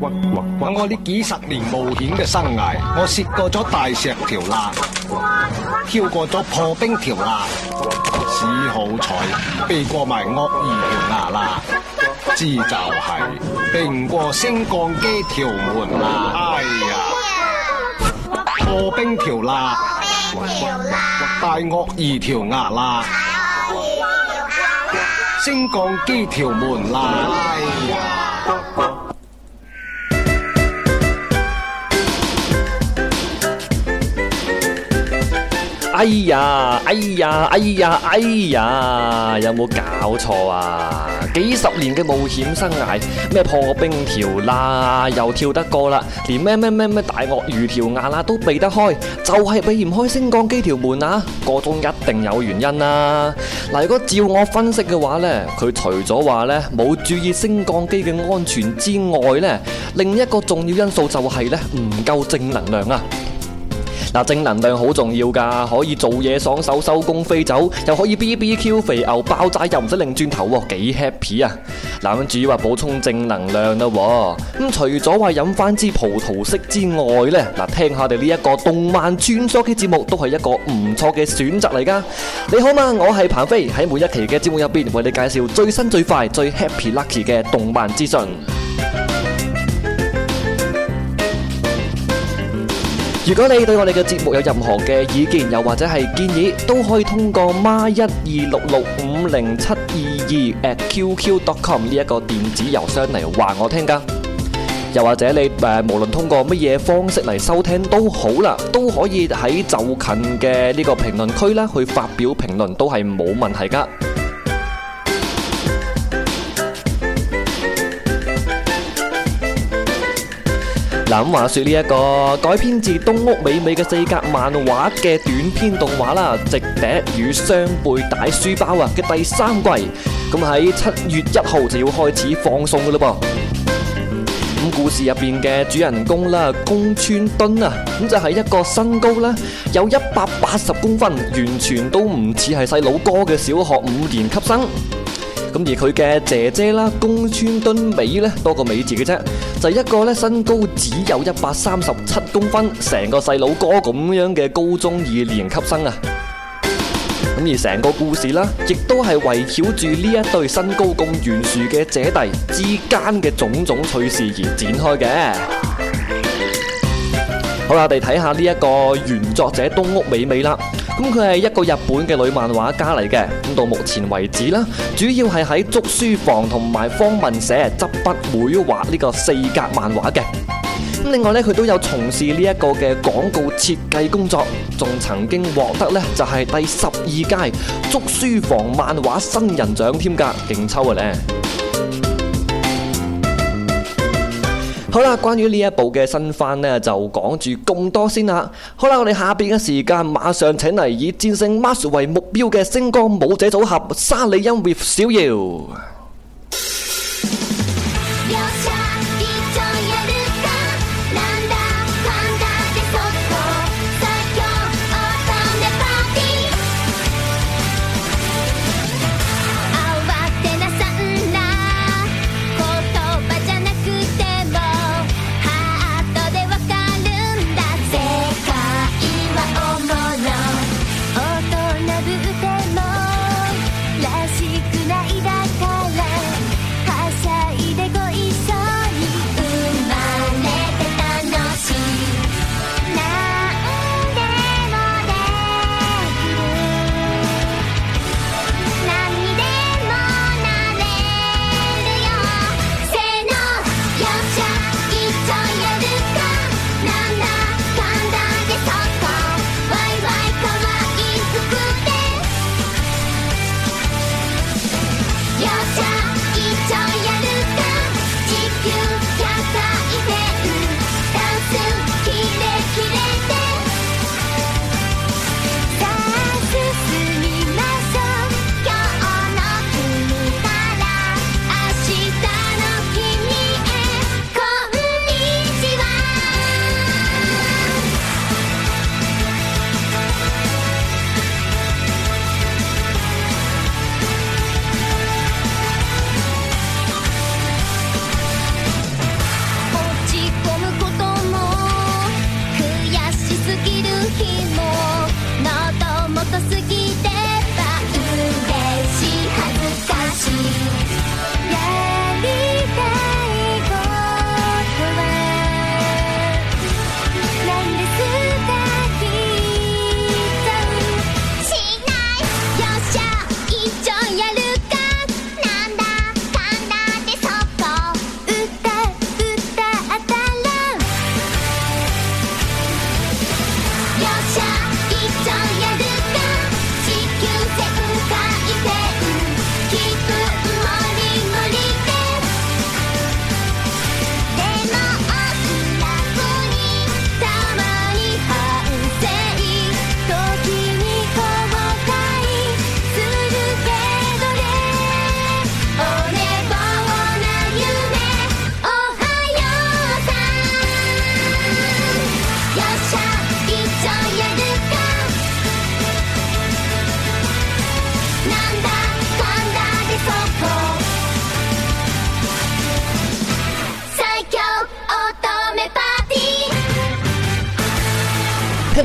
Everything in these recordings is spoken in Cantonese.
揾我呢幾十年冒險嘅生涯，我蝕過咗大石條啦，跳過咗破冰條啦，史好彩避過埋鱷魚條牙啦，知就係避唔過升降機條門啦，哎呀！破冰條啦，大鱷魚條牙啦，升降機條門啦，哎呀！哎呀，哎呀，哎呀，哎呀，有冇搞錯啊？幾十年嘅冒險生涯，咩破冰條啦，又跳得過啦，連咩咩咩咩大鱷魚條牙啦都避得開，就係、是、避唔開升降機條門啊！個中一定有原因啦。嗱，如果照我分析嘅話呢，佢除咗話呢冇注意升降機嘅安全之外呢，另一個重要因素就係呢唔夠正能量啊！嗱，正能量好重要噶，可以做嘢爽手，收工飛走，又可以 B B Q 肥牛包齋，爆炸又唔使擰轉頭，幾 happy 啊！嗱，主要話補充正能量啦。咁除咗話飲翻支葡萄適之外呢，嗱，聽下我哋呢一個動漫穿梭機節目都係一個唔錯嘅選擇嚟噶。你好嗎？我係彭飛，喺每一期嘅節目入邊為你介紹最新最快最 happy lucky 嘅動漫資訊。如果你對我哋嘅節目有任何嘅意見，又或者係建議，都可以通過孖一二六六五零七二二 at qq.com 呢一個電子郵箱嚟話我聽噶。又或者你誒，無論通過乜嘢方式嚟收聽都好啦，都可以喺就近嘅呢個評論區呢去發表評論，都係冇問題噶。諗話說呢、這、一個改編自東屋美美嘅四格漫畫嘅短篇動畫啦，直笛與雙背帶書包啊嘅第三季，咁喺七月一號就要開始放送噶喇噃。咁故事入邊嘅主人公啦，宮川敦啊，咁就係、是、一個身高啦有一百八十公分，完全都唔似係細佬哥嘅小學五年級生。咁而佢嘅姐姐啦，宮川敦美咧，多個美字嘅啫，就係、一個咧身高只有一百三十七公分，成個細佬哥咁樣嘅高中二年級生啊！咁 而成個故事啦，亦都係圍繞住呢一對身高咁懸殊嘅姐弟之間嘅種種趣事而展開嘅。好啦，我哋睇下呢一個原作者東屋美美啦。咁佢係一個日本嘅女漫畫家嚟嘅，咁到目前為止啦，主要係喺竹書房同埋方文社執筆繪畫呢個四格漫畫嘅。另外咧，佢都有從事呢一個嘅廣告設計工作，仲曾經獲得咧就係第十二屆竹書房漫畫新人獎添噶，勁抽嘅咧！好啦，關於呢一部嘅新番呢，就講住咁多先啦。好啦，我哋下邊嘅時間，馬上請嚟以戰勝 Mush 為目標嘅星光舞者組合沙利恩 with 小瑤。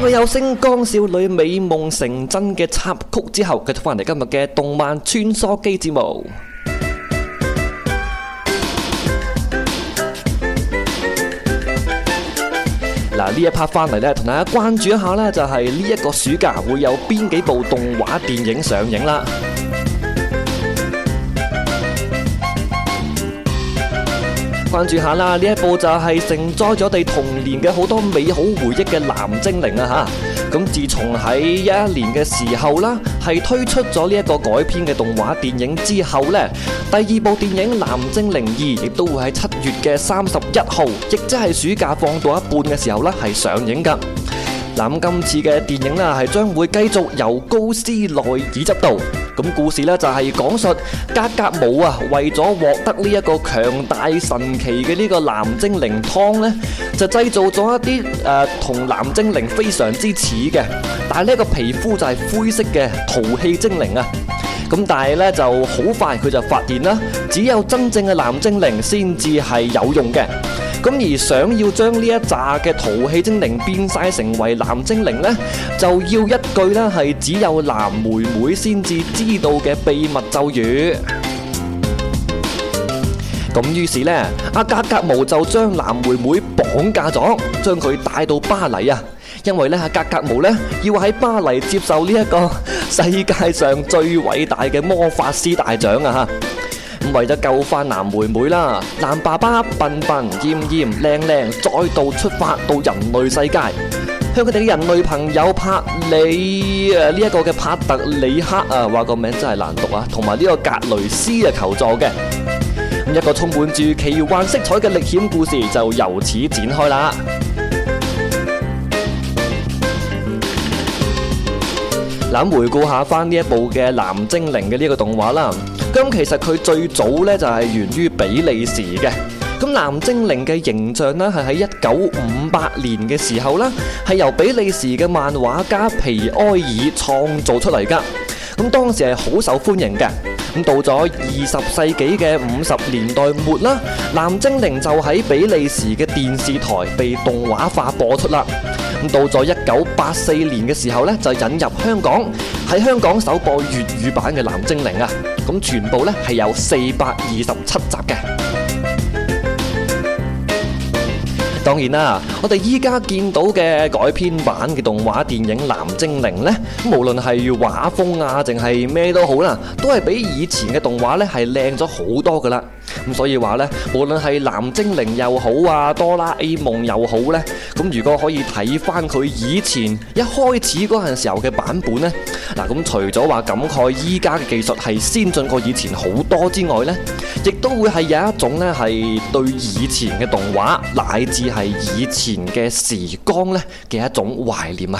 有星光少女美夢成真嘅插曲之後，佢翻嚟今日嘅動漫穿梭機節目。嗱，呢 一 part 翻嚟咧，同大家關注一下啦，就係呢一個暑假會有邊幾部動畫電影上映啦。關注下啦，呢一部就係承載咗我哋童年嘅好多美好回憶嘅《藍精靈》啊吓。咁自從喺一一年嘅時候啦，係推出咗呢一個改編嘅動畫電影之後呢，第二部電影《藍精靈二》亦都會喺七月嘅三十一號，亦即係暑假放到一半嘅時候啦，係上映噶。嗱，咁今次嘅電影啦，係將會繼續由高斯內爾執導。咁故事咧就係、是、講述格格巫啊，為咗獲得呢一個強大神奇嘅呢個藍精靈湯咧，就製造咗一啲誒同藍精靈非常之似嘅，但係呢一個皮膚就係灰色嘅淘氣精靈啊。咁但係咧就好快佢就發現啦，只有真正嘅藍精靈先至係有用嘅。咁而想要將呢一紮嘅淘氣精靈變晒成為藍精靈呢，就要一句呢係只有藍妹妹先至知道嘅秘密咒語。咁於是呢，阿格格巫就將藍妹妹綁架咗，將佢帶到巴黎啊！因為呢，阿格格巫呢要喺巴黎接受呢一個世界上最偉大嘅魔法師大獎啊！哈～為咗救翻藍妹妹啦，藍爸爸笨笨厭厭靚靚，再度出發到人類世界，向佢哋嘅人類朋友帕里啊呢一個嘅帕特里克啊，話個名真係難讀啊，同埋呢個格雷斯啊求助嘅，咁一個充滿住奇幻色彩嘅歷險故事就由此展開啦。嗱，回顧下翻呢一部嘅藍精靈嘅呢個動畫啦。咁其實佢最早咧就係源於比利時嘅，咁藍精靈嘅形象咧係喺一九五八年嘅時候啦，係由比利時嘅漫畫家皮埃爾創造出嚟㗎。咁當時係好受歡迎嘅。咁到咗二十世紀嘅五十年代末啦，藍精靈就喺比利時嘅電視台被動畫化播出啦。咁到咗一九八四年嘅時候咧，就引入香港，喺香港首播粵語版嘅藍精靈啊！咁全部咧係有四百二十七集嘅。當然啦、啊，我哋依家見到嘅改編版嘅動畫電影《藍精靈》咧，無論係畫風啊，定係咩都好啦，都係比以前嘅動畫咧係靚咗好多㗎喇。咁所以話呢，無論係藍精靈又好啊，哆啦 A 夢又好呢，咁如果可以睇翻佢以前一開始嗰陣時候嘅版本呢，嗱，咁除咗話感慨依家嘅技術係先進過以前好多之外呢，亦都會係有一種呢係對以前嘅動畫乃至係以前嘅時光呢嘅一種懷念啊。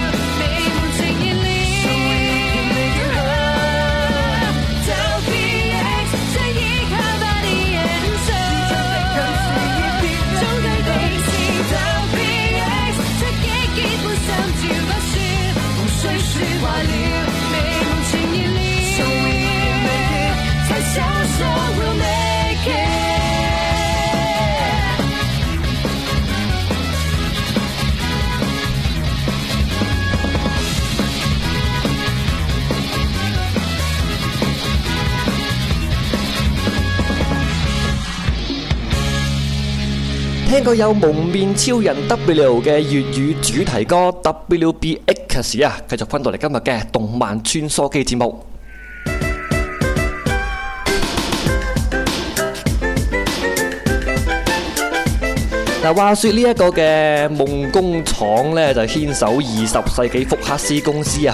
聽過有蒙面超人 W 嘅粵語主題歌 W B X 啊，繼續翻到嚟今日嘅動漫穿梭機節目。嗱，話說呢一個嘅夢工廠呢，就牽手二十世紀福克斯公司啊，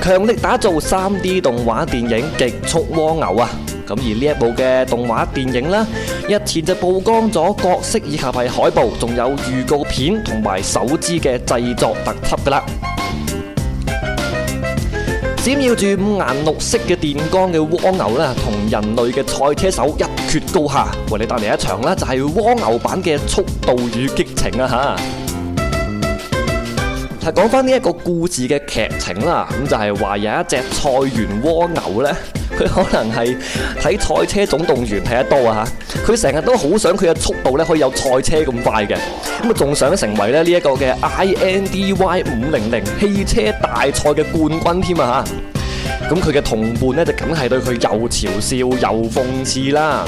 強力打造三 D 動畫電影《極速蝸牛》啊。咁而呢一部嘅動畫電影呢，日前就曝光咗角色以及係海報，仲有預告片同埋首支嘅製作特輯噶啦。閃耀住五顏六色嘅電光嘅蝸牛呢，同人類嘅賽車手一決高下，為你帶嚟一場呢，就係蝸牛版嘅《速度與激情》啊吓！係講翻呢一個故事嘅劇情啦，咁就係話有一隻菜園蝸牛呢，佢可能係睇賽車總動員睇得多啊嚇，佢成日都好想佢嘅速度咧可以有賽車咁快嘅，咁啊仲想成為咧呢一個嘅 INDY 五零零汽車大賽嘅冠軍添啊嚇，咁佢嘅同伴呢，就梗係對佢又嘲笑又諷刺啦，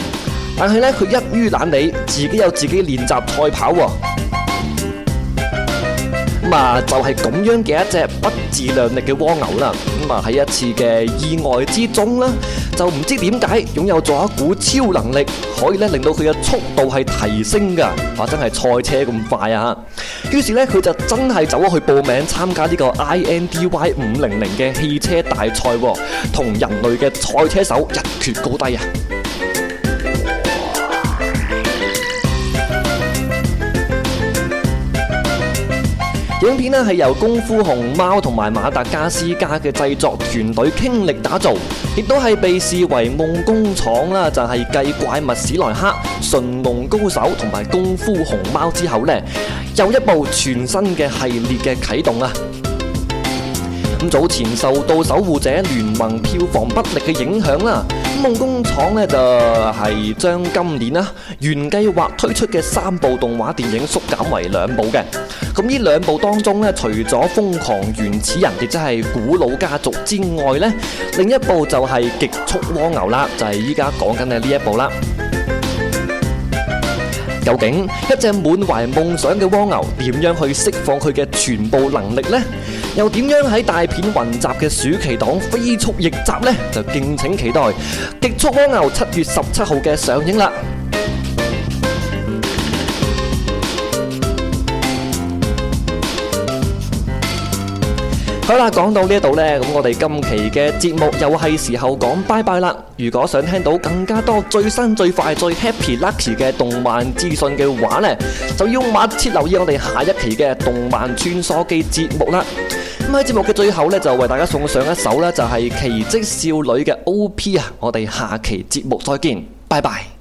但係呢，佢一於懶理，自己有自己練習賽跑喎。咁啊，就係、是、咁樣嘅一隻不自量力嘅蝸牛啦。咁啊喺一次嘅意外之中啦，就唔知點解擁有咗一股超能力，可以咧令到佢嘅速度係提升噶，啊真係賽車咁快啊！吓，於是咧佢就真係走咗去報名參加呢個 INDY 五零零嘅汽車大賽，啊，同人類嘅賽車手一決高低啊！影片咧係由功夫熊貓同埋馬達加斯加嘅製作團隊傾力打造，亦都係被視為夢工廠啦，就係、是、繼怪物史萊克、馴龍高手同埋功夫熊貓之後咧，又一部全新嘅系列嘅啓動啊！咁早前受到守護者聯盟票房不力嘅影響啦，夢工廠咧就係將今年啦原計劃推出嘅三部動畫電影縮減為兩部嘅。咁呢兩部當中咧，除咗《瘋狂原始人》亦即係古老家族之外咧，另一部就係《極速蝸牛》啦，就係依家講緊嘅呢一部啦。究竟一隻滿懷夢想嘅蝸牛點樣去釋放佢嘅全部能力呢？又點樣喺大片混雜嘅暑期檔飛速逆襲呢？就敬請期待《極速蝸牛》七月十七號嘅上映啦！好啦，講到呢度呢，咁我哋今期嘅節目又係時候講拜拜啦。如果想聽到更加多最新最快最 Happy Lucky 嘅動漫資訊嘅話呢，就要密切留意我哋下一期嘅《動漫穿梭機》節目啦。咁喺節目嘅最後呢，就為大家送上一首呢，就係《奇蹟少女》嘅 OP 啊。我哋下期節目再見，拜拜。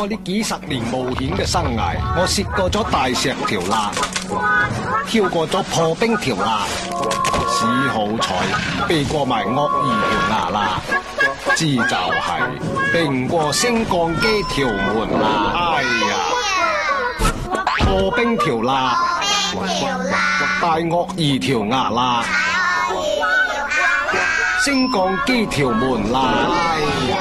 我呢幾十年冒險嘅生涯，我涉過咗大石條啦，跳過咗破冰條啦，史好彩避過埋鱷魚條牙啦，知就係、是、避唔過升降機條門啦。哎呀，破冰條啦，大鱷魚條牙啦,啦,啦,啦,啦,啦,啦，升降機條門啦。哎呀